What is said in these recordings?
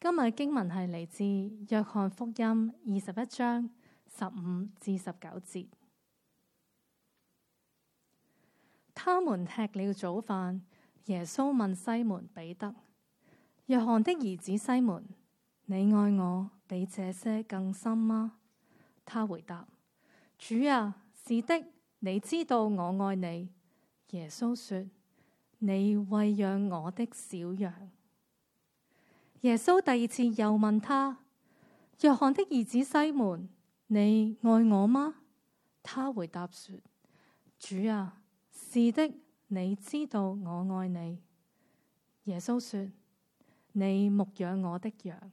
今日的經文係嚟自約翰福音二十一章十五至十九節。他們吃了早飯，耶穌問西門彼得：約翰的兒子西門，你愛我比這些更深嗎？他回答：，主啊，是的，你知道我愛你。耶穌說：你喂養我的小羊。耶穌第二次又問他：約翰的兒子西門，你愛我嗎？他回答說：主啊，是的，你知道我愛你。耶穌說：你牧養我的羊。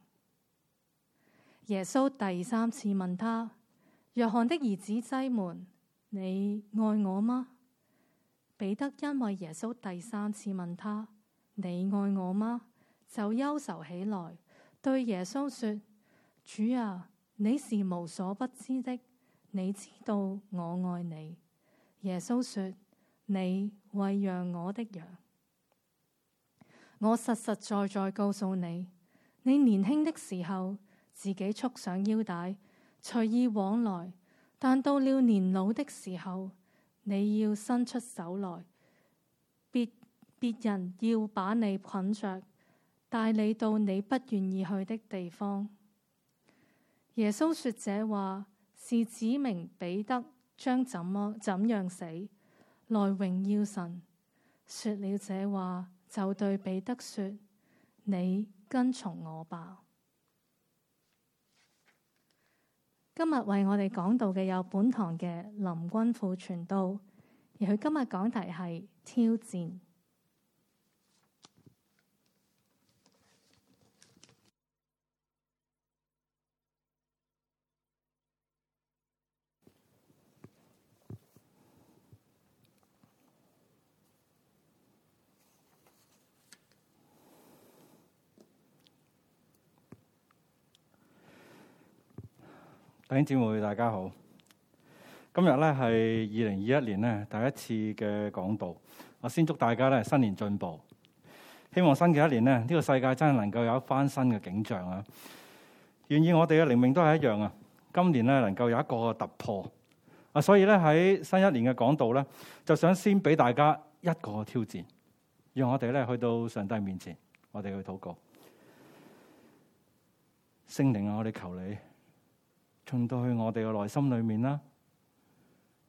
耶穌第三次問他：約翰的兒子西門，你愛我嗎？彼得因為耶穌第三次問他：你愛我嗎？就憂愁起來，對耶穌說：主啊，你是無所不知的，你知道我愛你。耶穌說：你餵養我的羊，我實實在在告訴你，你年輕的時候自己束上腰帶，隨意往來；但到了年老的時候，你要伸出手來，別別人要把你捆着。帶你到你不願意去的地方。耶穌說這話是指明彼得將怎麼怎樣死來榮耀神。說了這話，就對彼得說：你跟從我吧。今日為我哋講道嘅有本堂嘅林君富傳道，而佢今日講題係挑戰。弟兄姊妹大家好，今日咧係二零二一年咧第一次嘅講道，我先祝大家咧新年進步，希望新嘅一年咧呢、呢個世界真係能夠有一番新嘅景象啊！願意我哋嘅靈命都係一樣啊！今年咧能夠有一個突破啊！所以咧喺新一年嘅講道咧，就想先俾大家一個挑戰，讓我哋咧去到上帝面前，我哋去禱告，聖靈啊，我哋求你。進到去我哋嘅內心裏面啦，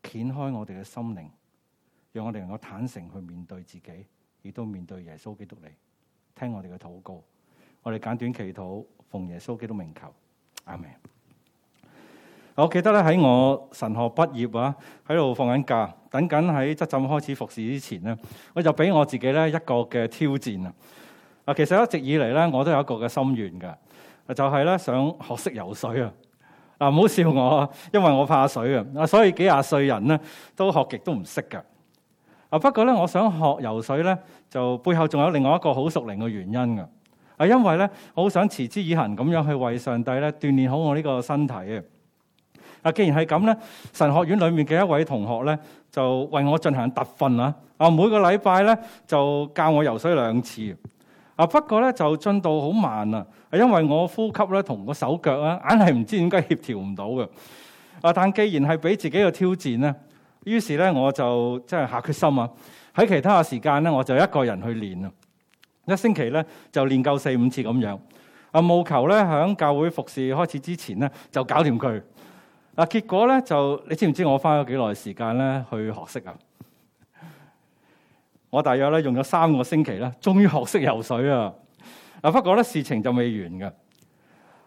掀開我哋嘅心靈，讓我哋能夠坦誠去面對自己，亦都面對耶穌基督，你聽我哋嘅禱告。我哋簡短祈禱，奉耶穌基督名求，阿門。我記得咧喺我神學畢業啊，喺度放緊假，等緊喺執浸開始服事之前咧，我就俾我自己咧一個嘅挑戰啊。啊，其實一直以嚟咧，我都有一個嘅心願噶，就係、是、咧想學識游水啊。嗱，唔好笑我，因為我怕水啊，所以幾廿歲人咧都學極都唔識啊，不過咧，我想學游水咧，就背後仲有另外一個好熟齡嘅原因啊，因為咧，我好想持之以恒咁樣去為上帝咧鍛煉好我呢個身體啊，既然係咁咧，神學院裏面嘅一位同學咧，就為我進行特訓啊。啊，每個禮拜咧就教我游水兩次。啊！不過咧就進度好慢啊，因為我呼吸咧同個手腳咧硬係唔知點解協調唔到嘅。啊！但既然係俾自己嘅挑戰咧，於是咧我就即係下決心啊！喺其他嘅時間咧，我就一個人去練啊。一星期咧就練夠四五次咁樣。啊！務求咧響教會服侍開始之前咧就搞掂佢。嗱，結果咧就你知唔知我花咗幾耐時間咧去學識啊？我大約咧用咗三個星期咧，終於學識游水啊！嗱，不過咧事情就未完㗎。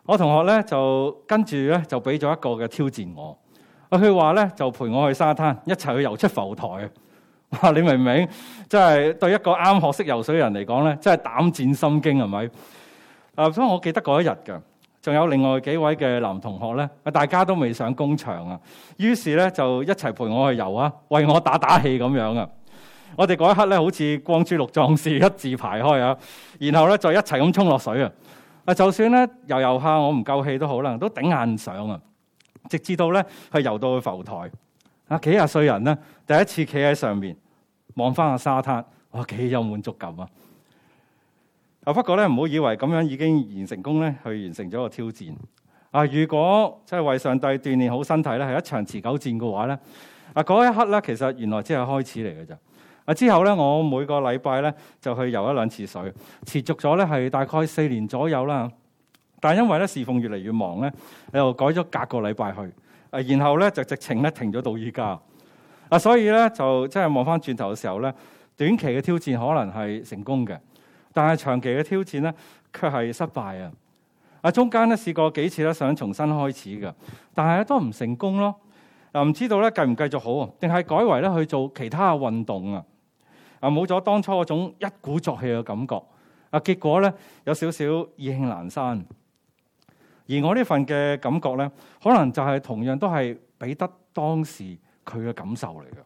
我同學咧就跟住咧就俾咗一個嘅挑戰我。我佢話咧就陪我去沙灘，一齊去游出浮台啊！哇！你明唔明？即係對一個啱學識游水嘅人嚟講咧，真係膽戰心驚係咪？啊！所以我記得嗰一日㗎，仲有另外幾位嘅男同學咧，大家都未上工場啊。於是咧就一齊陪我去遊啊，為我打打氣咁樣啊！我哋嗰一刻咧，好似光豬六壯士一字排開啊，然後咧再一齊咁沖落水啊。啊，就算咧游游下，我唔夠氣都好啦，都頂硬上啊。直至到咧去游到去浮台啊，幾廿歲人咧第一次企喺上面望翻個沙灘，哇幾有滿足感啊。啊，不過咧唔好以為咁樣已經完成功咧，去完成咗個挑戰啊。如果即係為上帝鍛煉好身體咧，係一場持久戰嘅話咧，啊嗰一刻咧，其實原來只係開始嚟嘅啫。啊！之後咧，我每個禮拜咧就去游一兩次水，持續咗咧係大概四年左右啦。但係因為咧侍奉越嚟越忙咧，又改咗隔個禮拜去。啊，然後咧就直情咧停咗到依家。啊，所以咧就即係望翻轉頭嘅時候咧，短期嘅挑戰可能係成功嘅，但係長期嘅挑戰咧卻係失敗啊！啊，中間咧試過幾次咧想重新開始嘅，但係咧都唔成功咯。啊，唔知道咧繼唔繼續好啊？定係改為咧去做其他運動啊？啊！冇咗當初嗰種一鼓作氣嘅感覺，啊！結果咧有少少意興闌珊，而我呢份嘅感覺咧，可能就係同樣都係彼得當時佢嘅感受嚟嘅。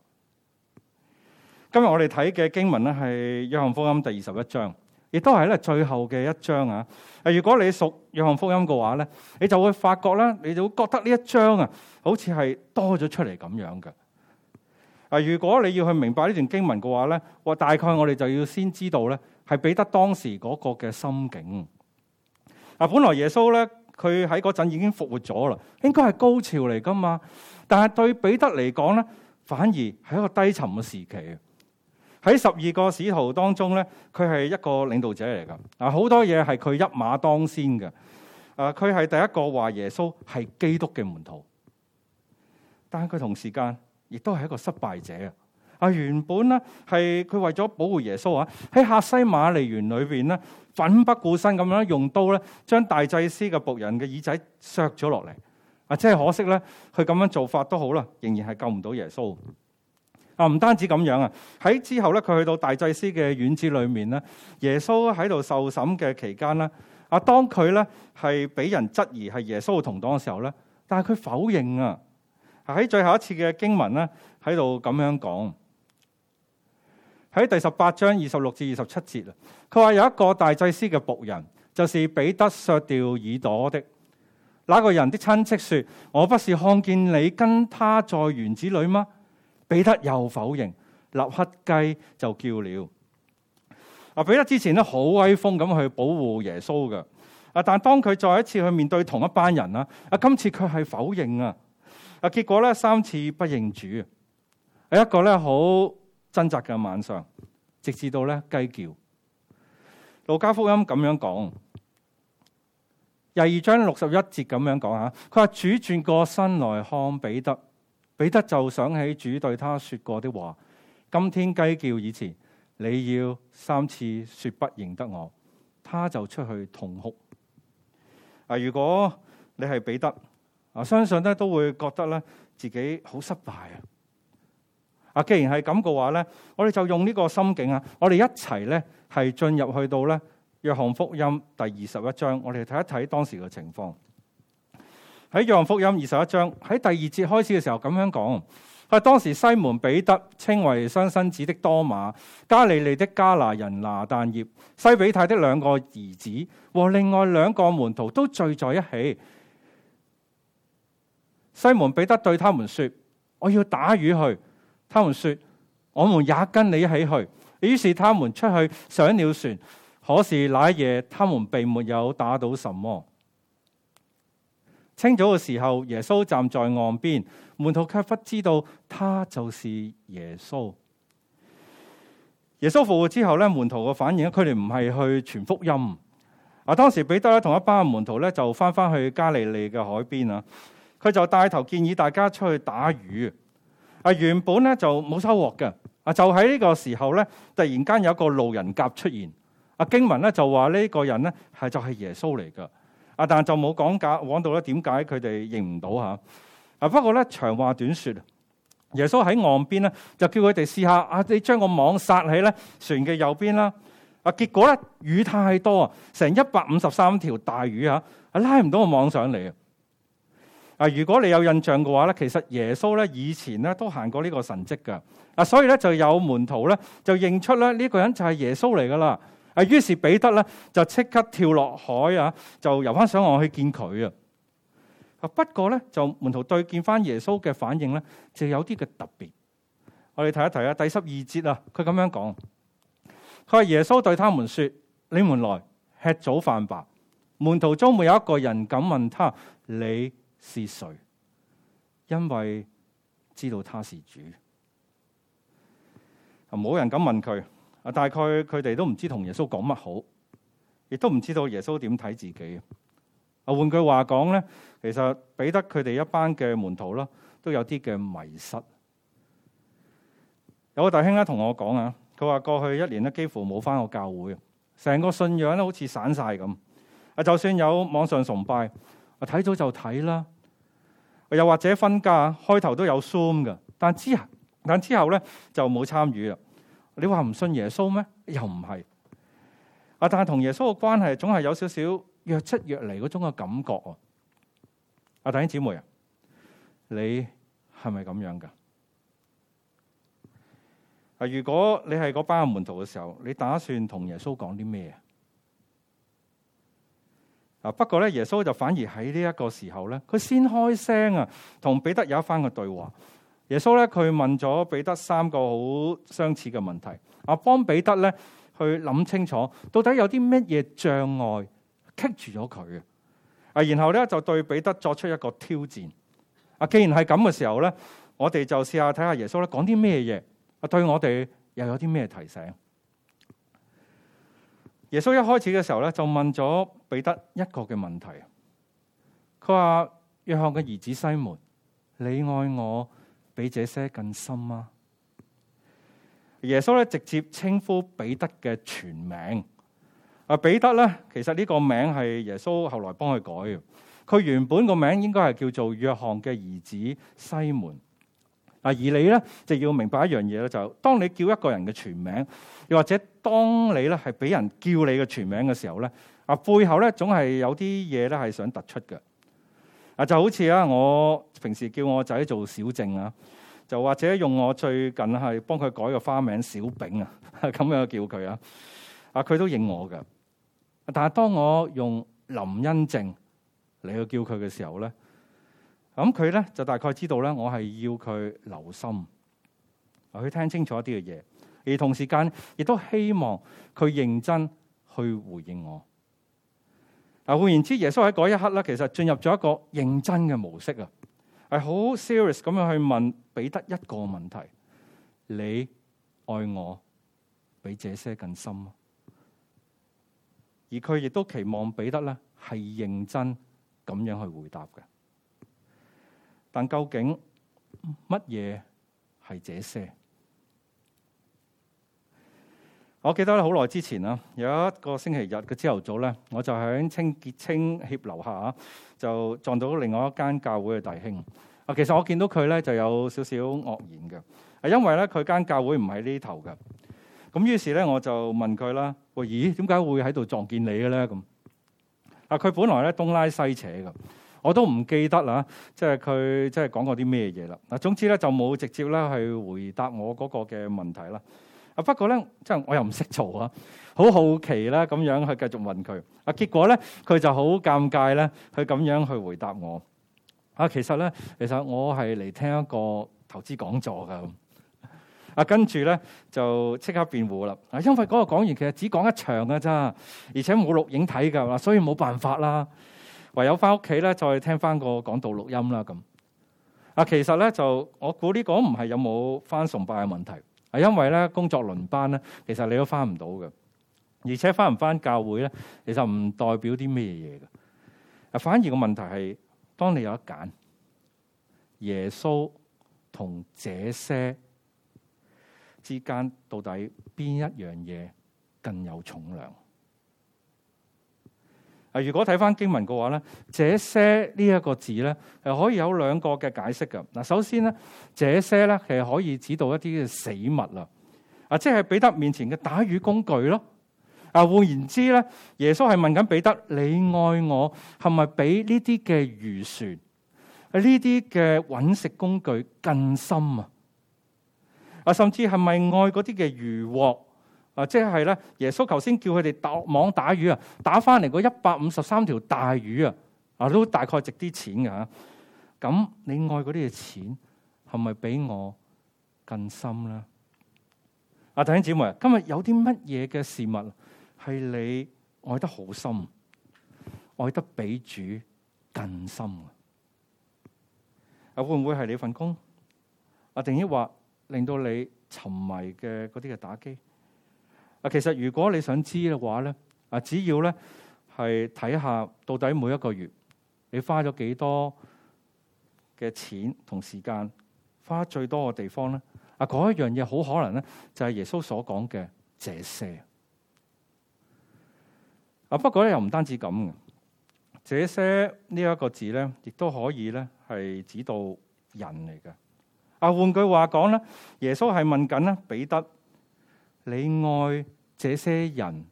今日我哋睇嘅經文咧，係《約翰福音》第二十一章，亦都係咧最後嘅一章啊！如果你熟《約翰福音》嘅話咧，你就會發覺咧，你就會覺得呢一章啊，好似係多咗出嚟咁樣嘅。嗱，如果你要去明白呢段經文嘅話咧，我大概我哋就要先知道咧，係彼得當時嗰個嘅心境。嗱，本來耶穌咧，佢喺嗰陣已經復活咗啦，應該係高潮嚟噶嘛。但係對彼得嚟講咧，反而係一個低沉嘅時期。喺十二個使徒當中咧，佢係一個領導者嚟噶。啊，好多嘢係佢一馬當先嘅。啊，佢係第一個話耶穌係基督嘅門徒，但係佢同時間。亦都係一個失敗者啊！啊，原本咧，係佢為咗保護耶穌啊，喺客西馬尼園裏邊咧，奮不顧身咁樣用刀咧，將大祭司嘅僕人嘅耳仔削咗落嚟啊！即係可惜咧，佢咁樣做法都好啦，仍然係救唔到耶穌啊！唔單止咁樣啊，喺之後咧，佢去到大祭司嘅院子裏面咧，耶穌喺度受審嘅期間咧，啊，當佢咧係俾人質疑係耶穌嘅同黨嘅時候咧，但係佢否認啊。喺最後一次嘅經文咧，喺度咁樣講，喺第十八章二十六至二十七節啊。佢話有一個大祭司嘅僕人，就是彼得削掉耳朵的。那個人的親戚說：我不是看見你跟他在園子裏嗎？彼得又否認，立刻雞就叫了。啊！彼得之前咧好威風咁去保護耶穌嘅，啊！但當佢再一次去面對同一班人啊！今次佢係否認啊！啊！結果咧，三次不認主啊！係一個咧好掙扎嘅晚上，直至到咧雞叫。路加福音咁樣講，廿二章六十一節咁樣講啊！佢話主轉過身來看彼得，彼得就想起主對他說過的話：今天雞叫以前，你要三次說不認得我。他就出去痛哭。啊！如果你係彼得。啊，相信咧都會覺得咧自己好失敗啊！啊，既然係咁嘅話咧，我哋就用呢個心境啊，我哋一齊咧係進入去到咧約翰福音第二十一章，我哋睇一睇當時嘅情況。喺約翰福音二十一章，喺第二節開始嘅時候咁樣講：，啊當時西門彼得稱為雙生子的多馬、加利利的加拿人拿旦葉、西比泰的兩個兒子和另外兩個門徒都聚在一起。西門彼得對他們說：我要打魚去。他們說：我們也跟你一起去。於是他們出去上了船。可是那一夜他們並沒有打到什麼。清早嘅時候，耶穌站在岸邊，門徒卻不知道他就是耶穌。耶穌復活之後咧，門徒嘅反應，佢哋唔係去傳福音。啊，當時彼得咧，同一班門徒咧，就翻返去加利利嘅海邊啊。佢就帶頭建議大家出去打魚，啊原本咧就冇收穫嘅，啊就喺呢個時候咧，突然間有個路人甲出現，啊經文咧就話呢個人咧係就係耶穌嚟嘅，啊但係就冇講解往到咧點解佢哋認唔到嚇，啊不過咧長話短説，耶穌喺岸邊咧就叫佢哋試下，啊你將個網撒喺咧船嘅右邊啦，啊結果咧魚太多啊，成一百五十三條大魚嚇，啊拉唔到個網上嚟啊！嗱，如果你有印象嘅話咧，其實耶穌咧以前咧都行過呢個神迹噶，嗱，所以咧就有門徒咧就認出咧呢個人就係耶穌嚟噶啦，啊，於是彼得咧就即刻跳落海啊，就游翻上岸去見佢啊，啊，不過咧就門徒對見翻耶穌嘅反應咧就有啲嘅特別，我哋睇一睇啊，第十二節啊，佢咁樣講，佢話耶穌對他們說：你們來吃早飯吧。門徒中沒有一個人敢問他你。是誰？因為知道他是主，冇人敢問佢。啊，大概佢哋都唔知同耶穌講乜好，亦都唔知道耶穌點睇自己。啊，換句話講咧，其實彼得佢哋一班嘅門徒啦，都有啲嘅迷失。有個弟兄咧同我講啊，佢話過去一年咧幾乎冇返過教會，成個信仰咧好似散晒咁。啊，就算有網上崇拜，啊睇咗就睇啦。又或者分家開頭都有 s o m 嘅，但之後但之後咧就冇參與啦。你話唔信耶穌咩？又唔係啊？但係同耶穌嘅關係總係有少少，少若即若離嗰種嘅感覺啊！啊，弟兄姊妹啊，你係咪咁樣噶？啊，如果你係嗰班嘅門徒嘅時候，你打算同耶穌講啲咩啊？啊！不過咧，耶穌就反而喺呢一個時候咧，佢先開聲啊，同彼得有一番嘅對話。耶穌咧，佢問咗彼得三個好相似嘅問題，啊，幫彼得咧去諗清楚，到底有啲乜嘢障礙棘住咗佢嘅啊？然後咧，就對彼得作出一個挑戰。啊，既然係咁嘅時候咧，我哋就試下睇下耶穌咧講啲咩嘢啊，對我哋又有啲咩提醒？耶穌一開始嘅時候咧，就問咗彼得一個嘅問題。佢話：約翰嘅兒子西門，你愛我比這些更深嗎？耶穌咧直接稱呼彼得嘅全名。啊，彼得咧，其實呢個名係耶穌後來幫佢改嘅。佢原本個名應該係叫做約翰嘅兒子西門。啊！而你咧就要明白一樣嘢咧，就當你叫一個人嘅全名，又或者當你咧係俾人叫你嘅全名嘅時候咧，啊，背後咧總係有啲嘢咧係想突出嘅。啊就好似啊，我平時叫我仔做小靜啊，就或者用我最近係幫佢改個花名小炳啊，咁樣叫佢啊。啊佢都認我㗎，但係當我用林恩靜嚟去叫佢嘅時候咧。咁佢咧就大概知道咧，我係要佢留心，佢聽清楚一啲嘅嘢，而同時間亦都希望佢認真去回應我。嗱，換言之，耶穌喺嗰一刻咧，其實進入咗一個認真嘅模式啊，係好 serious 咁樣去問彼得一個問題：你愛我比這些更深？而佢亦都期望彼得咧係認真咁樣去回答嘅。但究竟乜嘢係這些？我記得咧，好耐之前啦，有一個星期日嘅朝頭早咧，我就喺清潔清協樓下就撞到另外一間教會嘅弟兄。啊，其實我見到佢咧就有少少愕然嘅，啊，因為咧佢間教會唔係呢頭嘅。咁於是咧我就問佢啦，喂，咦，點解會喺度撞見你嘅咧？咁啊，佢本來咧東拉西扯嘅。我都唔記得啦，即係佢即係講過啲咩嘢啦。嗱，總之咧就冇直接呢去回答我嗰個嘅問題啦。啊，不過咧，即係我又唔識做啊，好好奇呢，咁樣去繼續問佢。啊，結果咧佢就好尷尬咧，佢咁樣去回答我。啊，其實咧，其實我係嚟聽一個投資講座噶。啊，跟住咧就即刻辯護啦。啊，因為嗰個講員其實只講一場㗎咋，而且冇錄影睇噶，所以冇辦法啦。唯有翻屋企咧，再聽翻個講道錄音啦咁。啊，其實咧就我估呢個唔係有冇翻崇拜嘅問題，係因為咧工作輪班咧，其實你都翻唔到嘅。而且翻唔翻教會咧，其實唔代表啲咩嘢嘅。啊，反而個問題係，當你有得揀，耶穌同這些之間到底邊一樣嘢更有重量？啊！如果睇翻經文嘅話咧，這些呢一個字咧，係可以有兩個嘅解釋㗎。嗱，首先咧，這些咧其實可以指到一啲嘅死物啦，啊，即係彼得面前嘅打魚工具咯。啊，換言之咧，耶穌係問緊彼得：你愛我係咪比呢啲嘅漁船、呢啲嘅搵食工具更深啊？啊，甚至係咪愛嗰啲嘅漁獲？啊，即係咧，耶穌頭先叫佢哋打網打魚啊，打翻嚟個一百五十三條大魚啊，啊都大概值啲錢㗎。吓。咁你愛嗰啲嘅錢係咪比我更深咧？啊，弟兄姊妹，今日有啲乜嘢嘅事物係你愛得好深，愛得比主更深啊？會唔會係你份工啊？定抑或令到你沉迷嘅嗰啲嘅打機？嗱，其實如果你想知嘅話咧，啊，只要咧係睇下到底每一個月你花咗幾多嘅錢同時間，花最多嘅地方咧，啊，嗰一樣嘢好可能咧就係耶穌所講嘅這些。啊，不過咧又唔單止咁，這些呢一個字咧，亦都可以咧係指導人嚟嘅。啊，換句話講咧，耶穌係問緊咧彼得。你愛這些人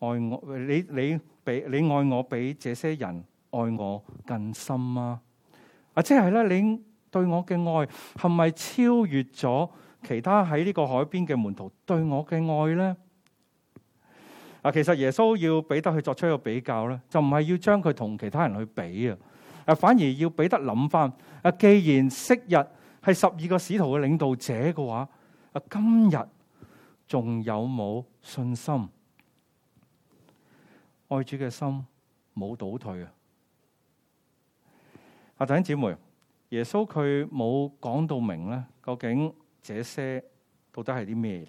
愛我，你你俾你愛我比這些人愛我更深嗎？啊，啊，即係咧，你對我嘅愛係咪超越咗其他喺呢個海邊嘅門徒對我嘅愛咧？啊，其實耶穌要彼得去作出一個比較咧，就唔係要將佢同其他人去比啊，啊，反而要彼得諗翻啊，既然昔日係十二個使徒嘅領導者嘅話。啊！今日仲有冇信心？愛主嘅心冇倒退啊！啊！弟兄姊妹，耶穌佢冇講到明咧，究竟這些到底係啲咩嚟？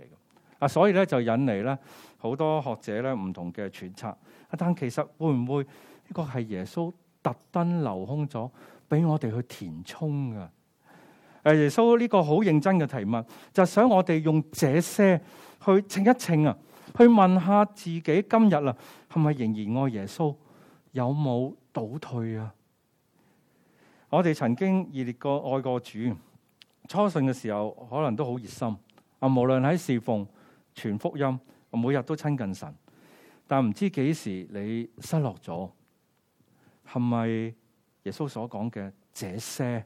啊！所以咧就引嚟咧好多學者咧唔同嘅揣測。啊！但其實會唔會呢個係耶穌特登留空咗俾我哋去填充㗎？誒，耶穌呢個好認真嘅提問，就是，想我哋用這些去稱一稱啊，去問下自己今日啊，係咪仍然愛耶穌？有冇倒退啊？我哋曾經熱烈過愛過主，初信嘅時候可能都好熱心啊，無論喺侍奉、傳福音，每日都親近神。但唔知幾時你失落咗，係咪耶穌所講嘅這些？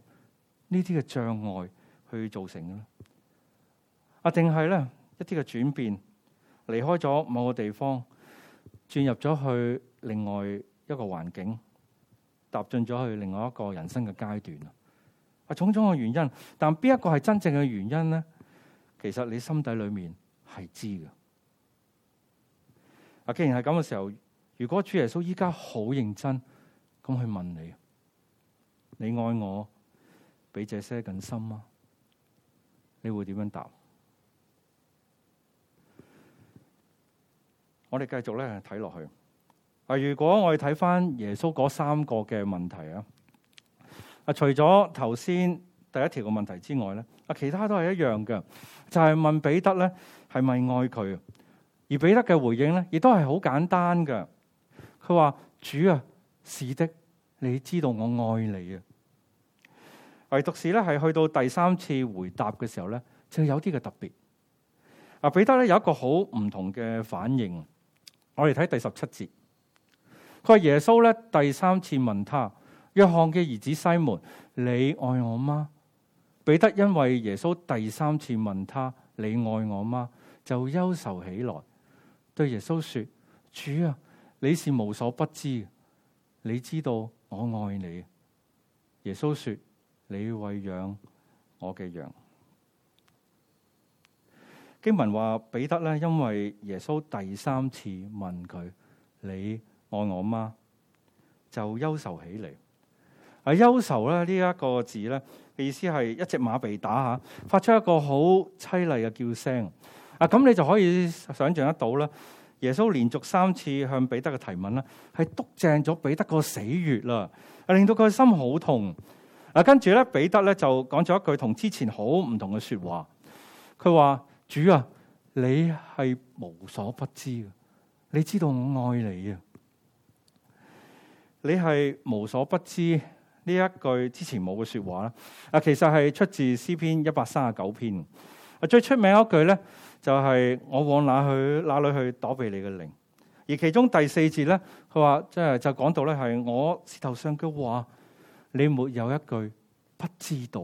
呢啲嘅障礙去造成嘅啦，啊，定係咧一啲嘅轉變，離開咗某個地方，轉入咗去另外一個環境，踏進咗去另外一個人生嘅階段啊！啊，種種嘅原因，但邊一個係真正嘅原因咧？其實你心底裏面係知嘅。啊，既然係咁嘅時候，如果主耶穌依家好認真，咁去問你，你愛我？俾這些更深嗎？你會點樣答？我哋繼續咧睇落去。啊，如果我哋睇翻耶穌嗰三個嘅問題啊，啊，除咗頭先第一條嘅問題之外咧，啊，其他都係一樣嘅，就係、是、問彼得咧係咪愛佢？而彼得嘅回應咧亦都係好簡單嘅，佢話：主啊，是的，你知道我愛你啊。唯獨是咧，係去到第三次回答嘅時候咧，就有啲嘅特別。彼得咧有一個好唔同嘅反應。我哋睇第十七節，佢話耶穌咧第三次問他約翰嘅兒子西門，你愛我嗎？彼得因為耶穌第三次問他你愛我嗎，就憂愁起來，對耶穌說：主啊，你是無所不知嘅，你知道我愛你。耶穌說。你餵養我嘅羊。經文話彼得咧，因為耶穌第三次問佢你愛我嗎，就憂愁起嚟。啊憂愁咧呢一個字咧嘅意思係一隻馬被打吓，發出一個好淒厲嘅叫聲。啊咁你就可以想象得到啦。耶穌連續三次向彼得嘅提問啦，係督正咗彼得個死穴啦，令到佢心好痛。嗱，跟住咧，彼得咧就講咗一句同之前好唔同嘅說話。佢話：主啊，你係無所不知嘅，你知道我愛你啊。你係無所不知呢一句，之前冇嘅說話啦。啊，其實係出自詩篇一百三十九篇。啊，最出名一句咧就係、是：我往哪去，哪裏去躲避你嘅靈？而其中第四節咧，佢話即係就講到咧係我舌頭上嘅話。你沒有一句不知道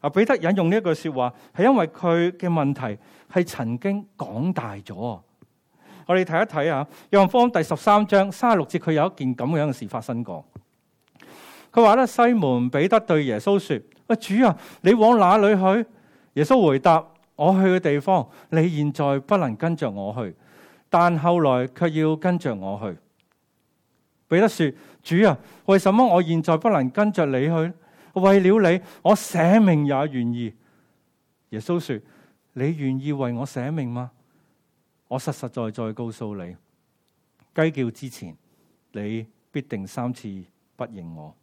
啊！彼得引用呢一句說話，係因為佢嘅問題係曾經講大咗。我哋睇一睇啊，約翰福音第十三章三十六節，佢有一件咁樣嘅事發生過。佢話咧，西門彼得對耶穌說：喂，主啊，你往哪裏去？耶穌回答：我去嘅地方，你現在不能跟着我去，但後來卻要跟着我去。彼得說：主啊，為什麼我現在不能跟着你去？為了你，我捨命也願意。耶穌說：你願意為我捨命嗎？我實實在在告訴你，雞叫之前，你必定三次不認我。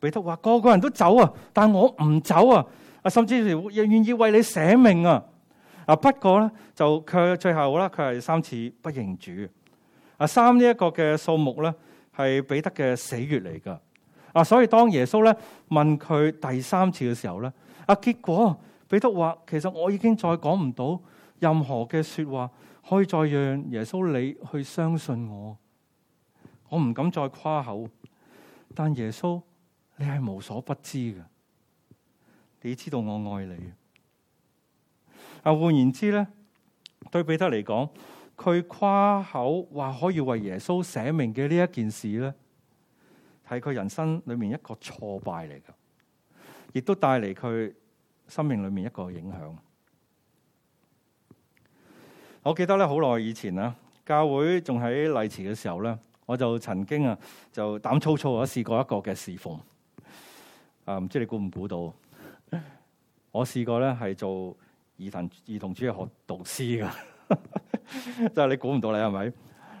彼得話：個個人都走啊，但我唔走啊！啊，甚至亦願意為你捨命啊！啊，不過咧就佢最後啦，佢係三次不認主。三呢一個嘅數目咧，係彼得嘅死穴嚟噶。啊，所以當耶穌咧問佢第三次嘅時候咧，啊，結果彼得話：其實我已經再講唔到任何嘅說話，可以再讓耶穌你去相信我。我唔敢再誇口，但耶穌你係無所不知嘅，你知道我愛你。啊，換言之咧，對彼得嚟講。佢誇口話可以為耶穌寫明嘅呢一件事咧，係佢人生裏面一個挫敗嚟嘅，亦都帶嚟佢生命裏面一個影響。我記得咧，好耐以前啦，教會仲喺麗池嘅時候咧，我就曾經啊，就膽粗粗啊，試過一個嘅侍奉啊，唔知你估唔估到？我試過咧，係做兒童兒童主日學導師噶。 就係 你估唔到你係咪？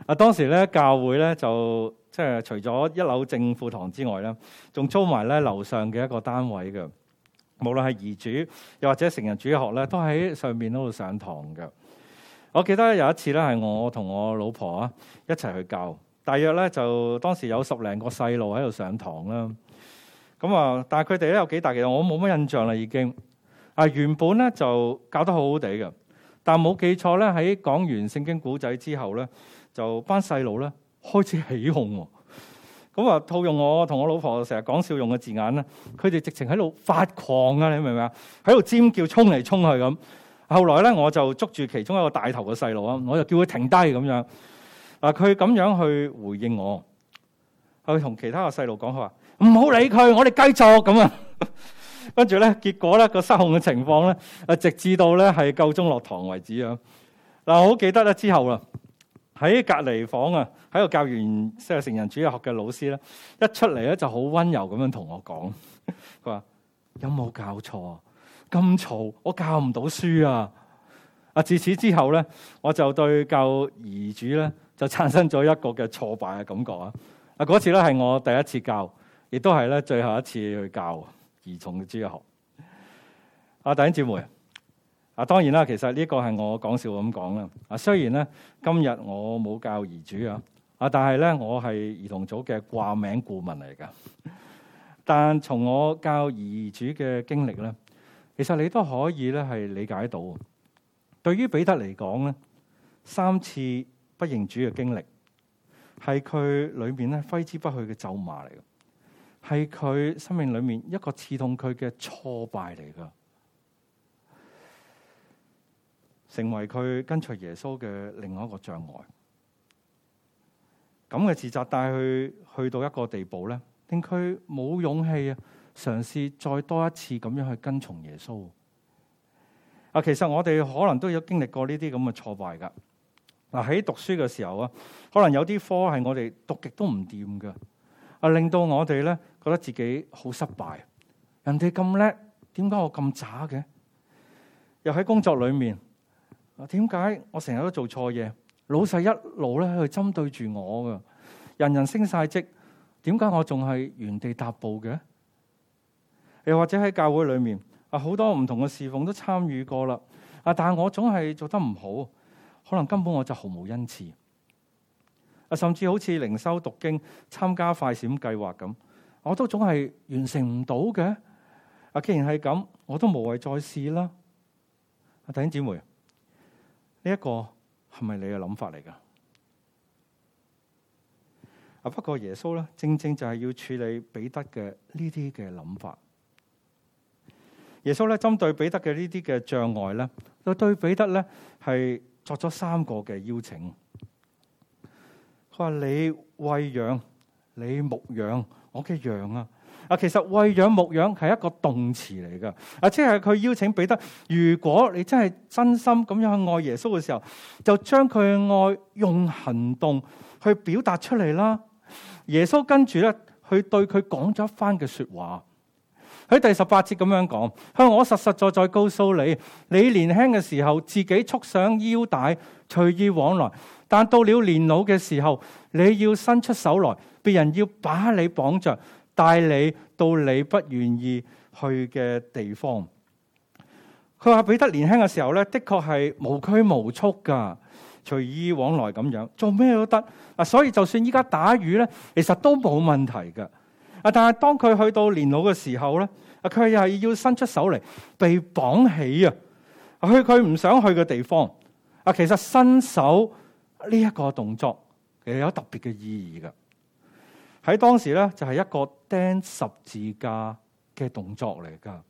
啊，當時咧教會咧就即係除咗一樓正副堂之外咧，仲租埋咧樓上嘅一個單位嘅。無論係兒童，又或者成人主日學咧，都喺上面嗰度上堂嘅。我記得有一次咧，係我同我老婆啊一齊去教，大約咧就當時有十零個細路喺度上堂啦。咁啊，但係佢哋咧有幾大嘅，我冇乜印象啦，已經啊。原本咧就教得好好地嘅。但冇記錯咧，喺講完聖經古仔之後咧，就班細路咧開始起哄喎。咁話套用我同我老婆成日講笑用嘅字眼咧，佢哋直情喺度發狂啊！你明唔明啊？喺度尖叫、衝嚟衝去咁。後來咧，我就捉住其中一個大頭嘅細路啊，我就叫佢停低咁樣。嗱，佢咁樣去回應我，去同其他個細路講，佢話唔好理佢，我哋繼續咁啊。跟住咧，結果咧個失控嘅情況咧，啊，直至到咧係夠鐘落堂為止啊！嗱，我好記得咧之後啦，喺隔離房啊，喺個教完即係成人主義學嘅老師咧，一出嚟咧就好溫柔咁樣同我講，佢話有冇教錯？咁嘈，我教唔到書啊！啊，自此之後咧，我就對教兒主咧就產生咗一個嘅挫敗嘅感覺啊！啊，嗰次咧係我第一次教，亦都係咧最後一次去教。兒童嘅主學，啊弟兄姐妹，啊當然啦，其實呢個係我講笑咁講啦。啊雖然咧今日我冇教兒主啊，啊但係咧我係兒童組嘅掛名顧問嚟噶。但從我教兒主嘅經歷咧，其實你都可以咧係理解到，對於彼得嚟講咧，三次不認主嘅經歷，係佢裏面咧揮之不去嘅咒罵嚟。係佢生命裏面一個刺痛佢嘅挫敗嚟噶，成為佢跟隨耶穌嘅另外一個障礙。咁嘅自責帶佢去到一個地步咧，令佢冇勇氣啊嘗試再多一次咁樣去跟從耶穌。啊，其實我哋可能都有經歷過呢啲咁嘅挫敗噶。嗱，喺讀書嘅時候啊，可能有啲科係我哋讀極都唔掂噶。啊！令到我哋咧覺得自己好失敗，人哋咁叻，點解我咁渣嘅？又喺工作裏面，啊，點解我成日都做錯嘢？老細一路咧喺度針對住我㗎，人人升晒職，點解我仲係原地踏步嘅？又或者喺教會裏面，啊，好多唔同嘅侍奉都參與過啦，啊，但係我總係做得唔好，可能根本我就毫無恩賜。甚至好似靈修讀經、參加快閃計劃咁，我都總係完成唔到嘅。啊，既然係咁，我都無謂再試啦。阿弟兄姊妹，呢一個係咪你嘅諗法嚟㗎？啊，不過耶穌咧，正正就係要處理彼得嘅呢啲嘅諗法。耶穌咧針對彼得嘅呢啲嘅障礙咧，就對彼得咧係作咗三個嘅邀請。佢話你餵養你牧養我嘅羊啊！啊，其實餵養牧養係一個動詞嚟噶，啊，即係佢邀請彼得，如果你真係真心咁樣愛耶穌嘅時候，就將佢嘅愛用行動去表達出嚟啦。耶穌跟住咧，去對佢講咗一番嘅說話。喺第十八節咁樣講，佢話我實實在在告訴你，你年輕嘅時候自己束上腰帶，隨意往來。但到了年老嘅時候，你要伸出手來，別人要把你綁着，帶你到你不願意去嘅地方。佢話彼得年輕嘅時候咧，的確係無拘無束噶，隨意往來咁樣做咩都得嗱。所以就算依家打魚咧，其實都冇問題嘅啊。但係當佢去到年老嘅時候咧，啊佢又係要伸出手嚟，被綁起啊，去佢唔想去嘅地方啊。其實伸手。呢一個動作其實有特別嘅意義噶，喺當時咧就係一個釘十字架嘅動作嚟噶。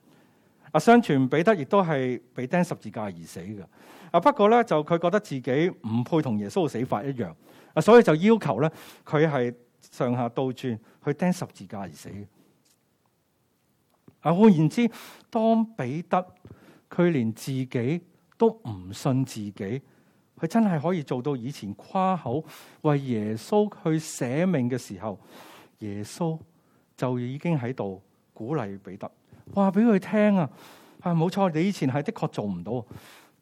阿相傳彼得亦都係俾釘十字架而死嘅。啊，不過咧就佢覺得自己唔配同耶穌嘅死法一樣，啊，所以就要求咧佢係上下倒轉去釘十字架而死嘅。啊，換言之，當彼得佢連自己都唔信自己。佢真係可以做到以前誇口為耶穌去捨命嘅時候，耶穌就已經喺度鼓勵彼得，話俾佢聽啊，冇錯，你以前係的確做唔到，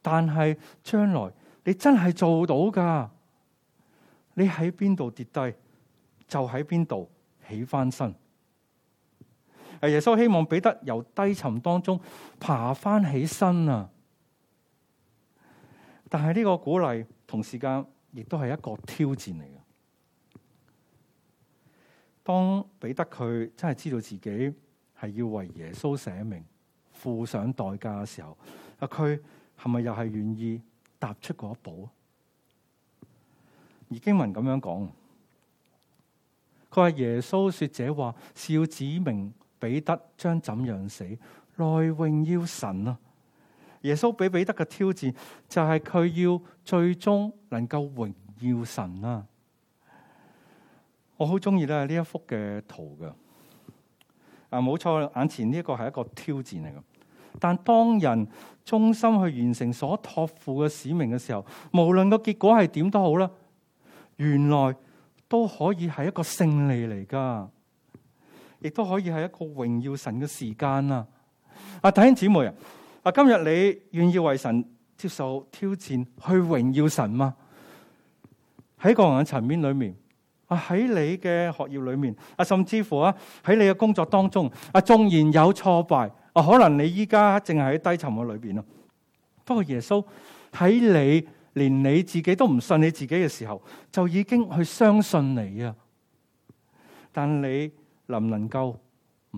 但係將來你真係做到噶，你喺邊度跌低就喺邊度起翻身。誒，耶穌希望彼得由低沉當中爬翻起身啊！但係呢個鼓勵同時間，亦都係一個挑戰嚟嘅。當彼得佢真係知道自己係要為耶穌捨命、付上代價嘅時候，啊佢係咪又係願意踏出嗰一步？而經文咁樣講，佢話耶穌說這話是要指明彼得將怎樣死，來榮耀神啊。耶穌俾彼得嘅挑戰就係、是、佢要最終能夠榮耀神啊！我好中意咧呢一幅嘅圖噶，啊冇錯，眼前呢一個係一個挑戰嚟噶。但當人忠心去完成所託付嘅使命嘅時候，無論個結果係點都好啦，原來都可以係一個勝利嚟噶，亦都可以係一個榮耀神嘅時間啊！阿、啊、弟兄姊妹啊！啊！今日你願意為神接受挑戰去榮耀神嗎？喺個人嘅層面裏面，啊喺你嘅學業裏面，啊甚至乎啊喺你嘅工作當中，啊縱然有挫敗，啊可能你依家淨係喺低沉嘅裏邊咯。不過耶穌喺你連你自己都唔信你自己嘅時候，就已經去相信你啊！但你能唔能夠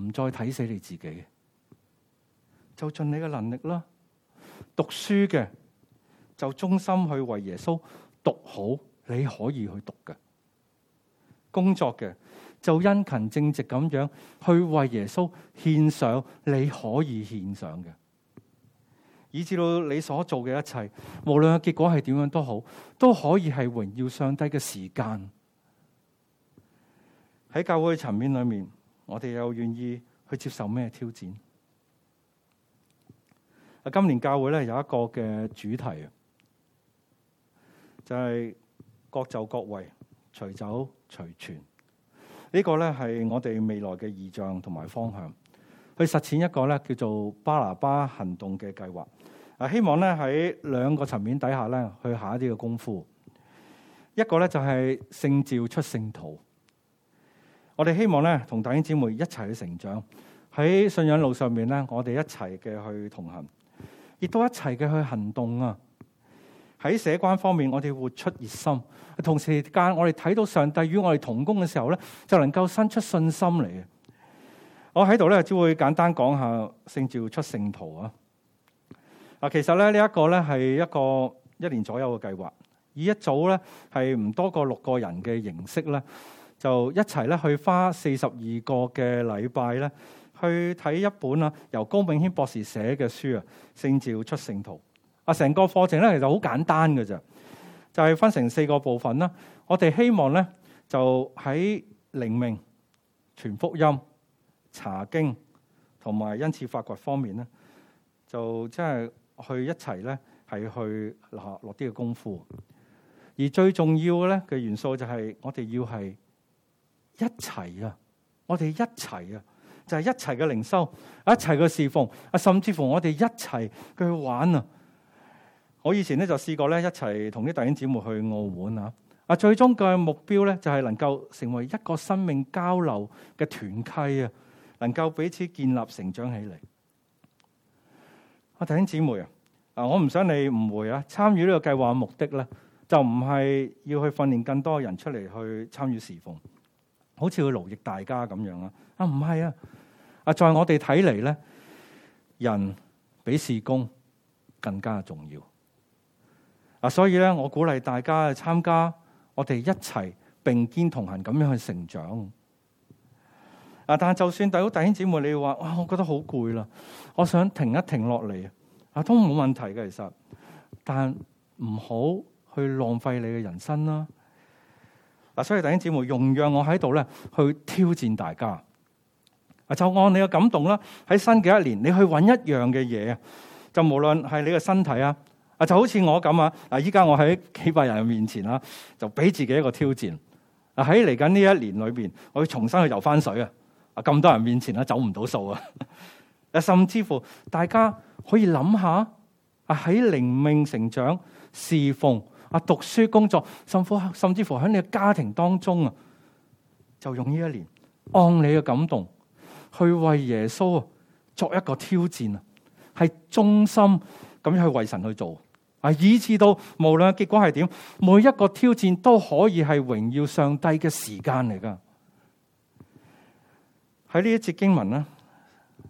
唔再睇死你自己？就盡你嘅能力啦。讀書嘅就衷心去為耶穌讀好，你可以去讀嘅。工作嘅就殷勤正直咁樣去為耶穌獻上，你可以獻上嘅。以至到你所做嘅一切，無論嘅結果係點樣都好，都可以係榮耀上帝嘅時間。喺教會嘅層面裏面，我哋又願意去接受咩挑戰？啊！今年教會咧有一個嘅主題，就係、是、各就各位，隨走隨傳。呢、這個咧係我哋未來嘅意象同埋方向，去實踐一個咧叫做巴拿巴行動嘅計劃。啊，希望咧喺兩個層面底下咧去下一啲嘅功夫。一個咧就係聖召出聖徒。我哋希望咧同弟兄姊妹一齊去成長，喺信仰路上面咧，我哋一齊嘅去同行。亦都一齊嘅去行動啊！喺社關方面，我哋活出熱心。同時間，我哋睇到上帝與我哋同工嘅時候咧，就能夠生出信心嚟。我喺度咧，只會簡單講下聖召出聖徒啊！嗱，其實咧呢一個咧係一個一年左右嘅計劃，以一組咧係唔多過六個人嘅形式咧，就一齊咧去花四十二個嘅禮拜咧。去睇一本啦，由高炳謙博士寫嘅書啊，《聖召出聖徒》啊。成個課程咧，其實好簡單嘅咋就係、是、分成四個部分啦。我哋希望咧，就喺靈命、傳福音、查經同埋恩賜發掘方面咧，就即係去一齊咧，係去落落啲嘅功夫。而最重要嘅咧嘅元素就係我哋要係一齊啊，我哋一齊啊。就係一齊嘅靈修，一齊嘅侍奉啊，甚至乎我哋一齊去玩啊。我以前咧就試過咧一齊同啲弟兄姊妹去澳門啊。啊，最終嘅目標咧就係能夠成為一個生命交流嘅團契，啊，能夠彼此建立、成長起嚟。啊，弟兄姊妹啊，啊，我唔想你誤會啊。參與呢個計劃嘅目的咧，就唔係要去訓練更多人出嚟去參與侍奉，好似去勞役大家咁樣啊。啊，唔係啊！啊，在我哋睇嚟咧，人比事工更加重要。啊，所以咧，我鼓勵大家去參加，我哋一齊並肩同行，咁樣去成長。啊，但係就算大好弟兄姊妹，你話哇，我覺得好攰啦，我想停一停落嚟啊都冇問題嘅其實，但唔好去浪費你嘅人生啦。啊，所以弟兄姊妹，容讓我喺度咧去挑戰大家。就按你嘅感動啦，喺新嘅一年，你去揾一樣嘅嘢啊！就無論係你嘅身體啊，啊就好似我咁啊！啊依家我喺幾百人嘅面前啦，就俾自己一個挑戰啊！喺嚟緊呢一年裏邊，我要重新去游翻水啊！啊咁多人面前啦，走唔到數啊！啊甚至乎大家可以諗下啊，喺靈命成長、侍奉啊、讀書、工作、辛苦，甚至乎喺你嘅家庭當中啊，就用呢一年按你嘅感動。去為耶穌作一個挑戰啊，係忠心咁樣去為神去做啊，以至到無論結果係點，每一個挑戰都可以係榮耀上帝嘅時間嚟㗎。喺呢一節經文啦，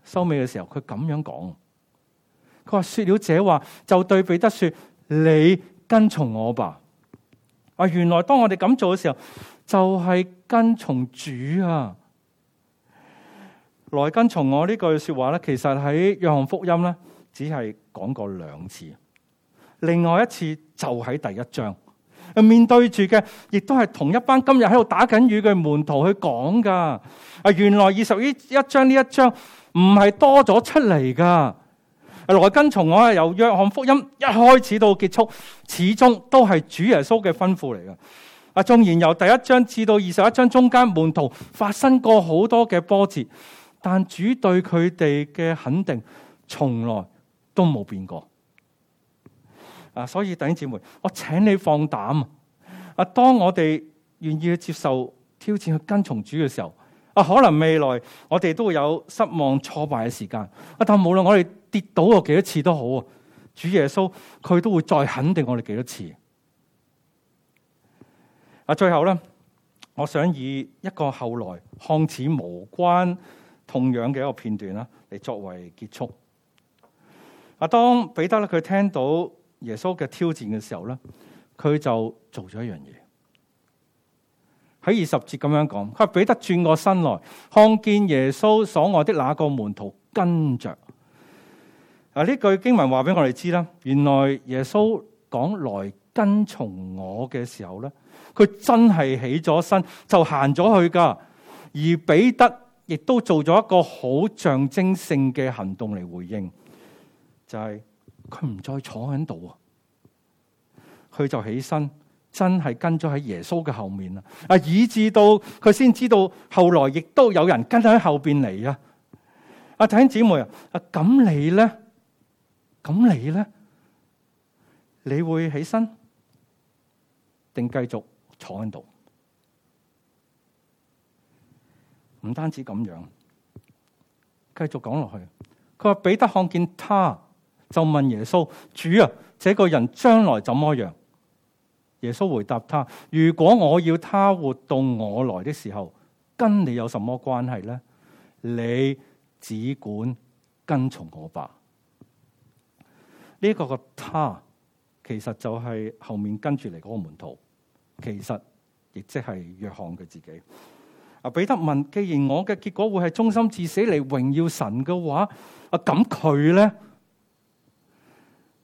收尾嘅時候佢咁樣講，佢話說，說了這話就對彼得說你跟從我吧啊，原來當我哋咁做嘅時候就係、是、跟從主啊。來跟從我呢句說話咧，其實喺約翰福音咧，只係講過兩次。另外一次就喺第一章，面對住嘅亦都係同一班今日喺度打緊魚嘅門徒去講噶。啊，原來二十一章呢一章唔係多咗出嚟噶。來跟從我係，由約翰福音一開始到結束，始終都係主耶穌嘅吩咐嚟噶。啊，縱然由第一章至到二十一章中間，門徒發生過好多嘅波折。但主對佢哋嘅肯定，從來都冇變過啊！所以弟兄姊妹，我請你放膽啊！當我哋願意去接受挑戰去跟從主嘅時候啊，可能未來我哋都會有失望挫敗嘅時間啊，但無論我哋跌倒過幾多次都好啊，主耶穌佢都會再肯定我哋幾多次啊！最後咧，我想以一個後來看似無關。同樣嘅一個片段啦，嚟作為結束。啊，當彼得咧佢聽到耶穌嘅挑戰嘅時候咧，佢就做咗一樣嘢。喺二十節咁樣講，佢話彼得轉過身來，看見耶穌所愛的那個門徒跟着。啊，呢句經文話俾我哋知啦，原來耶穌講來跟從我嘅時候咧，佢真係起咗身就行咗去噶，而彼得。亦都做咗一個好象徵性嘅行動嚟回應，就係佢唔再坐喺度啊，佢就起身，真係跟咗喺耶穌嘅後面啊，以至到佢先知道後來亦都有人跟喺後邊嚟啊。阿弟兄姊妹啊，咁你咧，咁你咧，你會起身定繼續坐喺度？唔單止咁樣，繼續講落去。佢話彼得看見他，就問耶穌：主啊，這個人將來怎麼樣？耶穌回答他：如果我要他活到我來的時候，跟你有什麼關係咧？你只管跟從我吧。呢個個他其實就係後面跟住嚟嗰個門徒，其實亦即係約翰佢自己。阿彼得問：既然我嘅結果會係忠心至死嚟榮耀神嘅話，阿咁佢咧？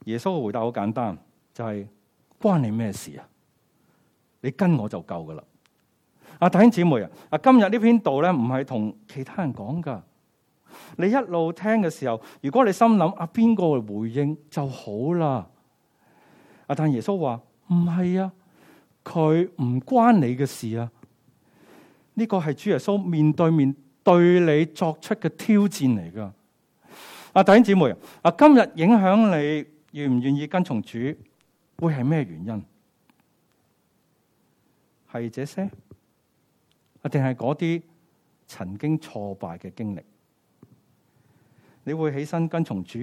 耶穌嘅回答好簡單，就係、是、關你咩事啊？你跟我就夠噶啦！阿弟兄姊妹啊，今日呢篇道咧唔係同其他人講噶，你一路聽嘅時候，如果你心諗阿邊個嚟回應就好啦。阿但耶穌話唔係啊，佢唔關你嘅事啊。呢個係主耶穌面對面對你作出嘅挑戰嚟㗎。啊弟兄姊妹啊，今日影響你願唔願意跟從主，會係咩原因？係這些啊，定係嗰啲曾經挫敗嘅經歷？你會起身跟從主，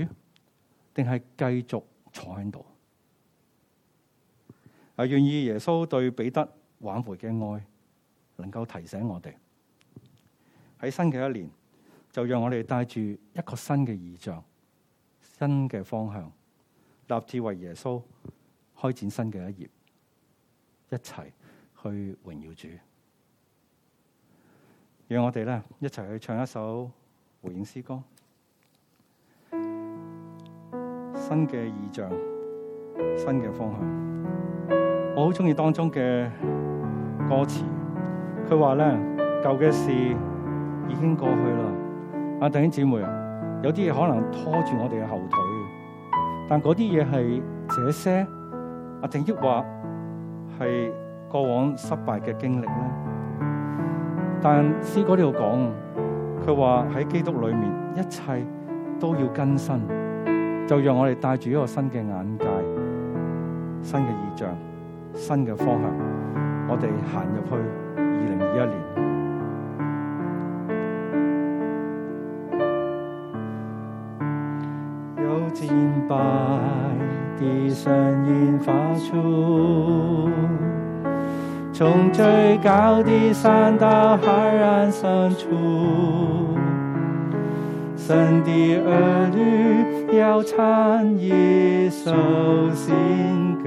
定係繼續坐喺度？啊，願意耶穌對彼得挽回嘅愛。能夠提醒我哋喺新嘅一年，就讓我哋帶住一個新嘅意象，新嘅方向，立志為耶穌開展新嘅一頁，一齊去榮耀主。讓我哋呢一齊去唱一首回應詩歌。新嘅意象，新嘅方向，我好鍾意當中嘅歌詞。佢話咧舊嘅事已經過去啦，阿弟兄姊妹啊，妹有啲嘢，可能拖住我哋嘅後腿，但嗰啲嘢係這些阿定益話係過往失敗嘅經歷咧。但詩歌呢度講，佢話喺基督裏面一切都要更新，就讓我哋帶住一個新嘅眼界、新嘅意象、新嘅方向，我哋行入去。二零二一年，有戰敗的聲音發出，從最高的山到海岸深處，神的兒女要唱一首新歌。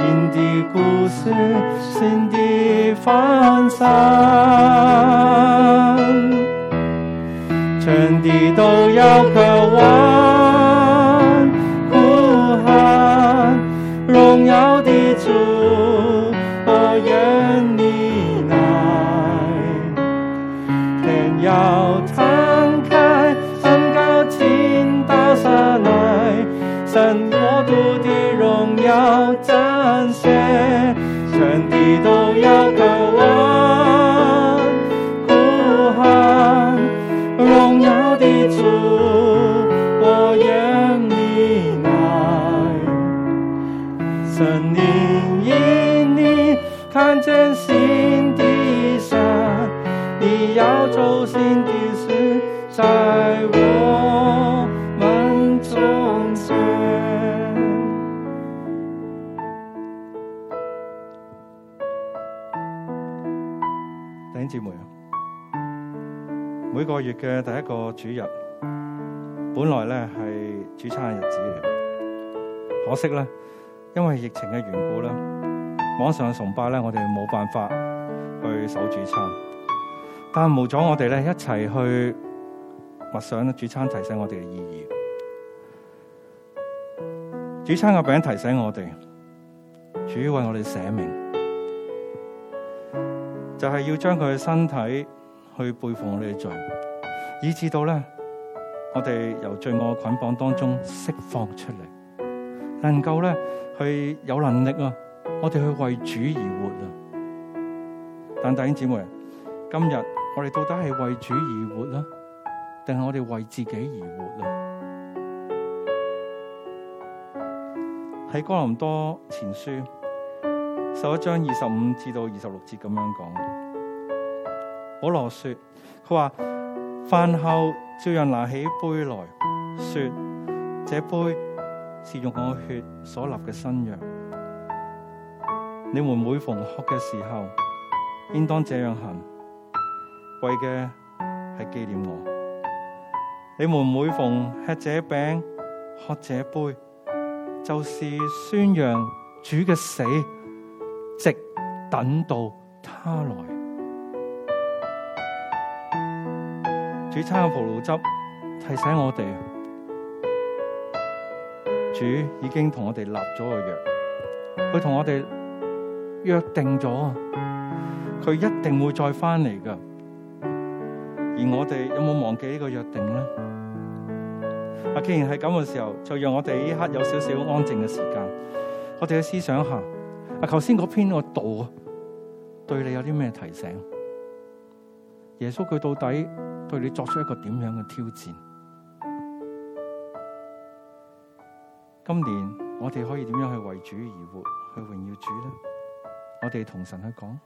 新的故事，新的方向，全地都要渴望。弟兄姊妹啊，每個月嘅第一個主日，本來咧，係主餐嘅日子，嚟。可惜咧，因為疫情嘅緣故咧，網上崇拜咧我哋冇辦法去守主餐，但無阻我哋咧一齊去默想主餐提醒我哋嘅意義，主餐嘅餅提醒我哋，主為我哋寫命。就係要將佢嘅身體去背負我哋嘅罪，以至到咧，我哋由罪惡嘅捆綁當中釋放出嚟，能夠咧去有能力啊，我哋去為主而活啊！但弟兄姊妹，今日我哋到底係為主而活啊？定係我哋為自己而活啊？喺哥林多前書十一章二十五至到二十六節咁樣講。保羅說：佢話飯後照樣拿起杯來說：這杯是用我血所立嘅新約。你們每逢喝嘅時候，應當這樣行，為嘅係紀念我。你們每逢吃這餅、喝這杯，就是宣揚主嘅死，直等到他來。主餐嘅葡萄汁提醒我哋，主已經同我哋立咗個約，佢同我哋約定咗啊，佢一定會再翻嚟㗎。而我哋有冇忘記呢個約定咧？啊，既然係咁嘅時候，就讓我哋呢刻有少少安靜嘅時間，我哋去思想下。啊，頭先嗰篇個道對你有啲咩提醒？耶穌佢到底？對你作出一個點樣嘅挑戰？今年我哋可以點樣去為主而活，去榮耀主呢？我哋同神去講，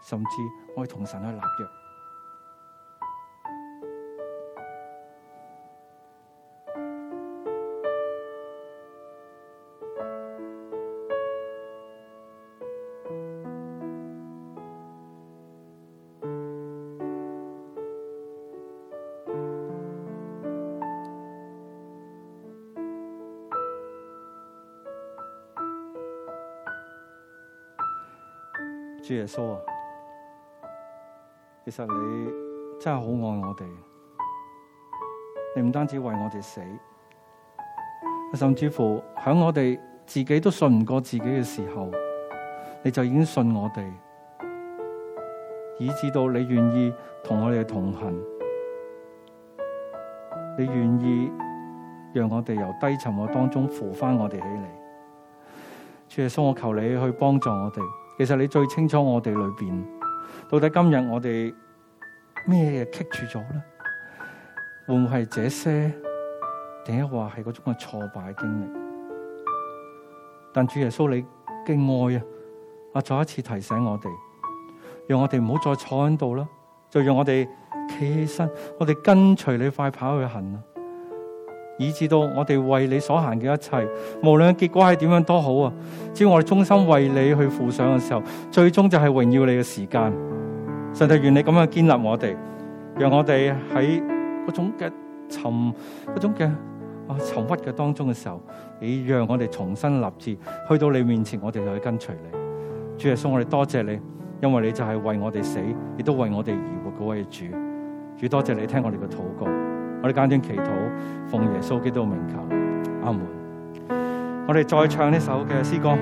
甚至我哋同神去立約。耶穌啊，其實你真係好愛我哋，你唔單止為我哋死，甚至乎喺我哋自己都信唔過自己嘅時候，你就已經信我哋，以至到你願意同我哋同行，你願意讓我哋由低沉嘅當中扶翻我哋起嚟。主耶穌，我求你去幫助我哋。其實你最清楚我哋裏邊，到底今日我哋咩嘢棘住咗咧？會唔會係這些？定一話係嗰種嘅挫敗經歷？但主耶穌你嘅愛啊，再一次提醒我哋，讓我哋唔好再坐喺度啦，就讓我哋企起身，我哋跟隨你快跑去行啊！以至到我哋為你所行嘅一切，無論結果係點樣都好啊！只要我哋忠心為你去付上嘅時候，最終就係榮耀你嘅時間。上帝願你咁樣建立我哋，讓我哋喺種嘅沉、種嘅啊沉鬱嘅當中嘅時候，你讓我哋重新立志，去到你面前，我哋就去跟隨你。主耶穌，我哋多謝你，因為你就係為我哋死，亦都為我哋而活嘅位主。主多謝你聽我哋嘅禱告。我哋簡短祈禱，奉耶穌基督名求，阿門。我哋再唱呢首嘅詩歌。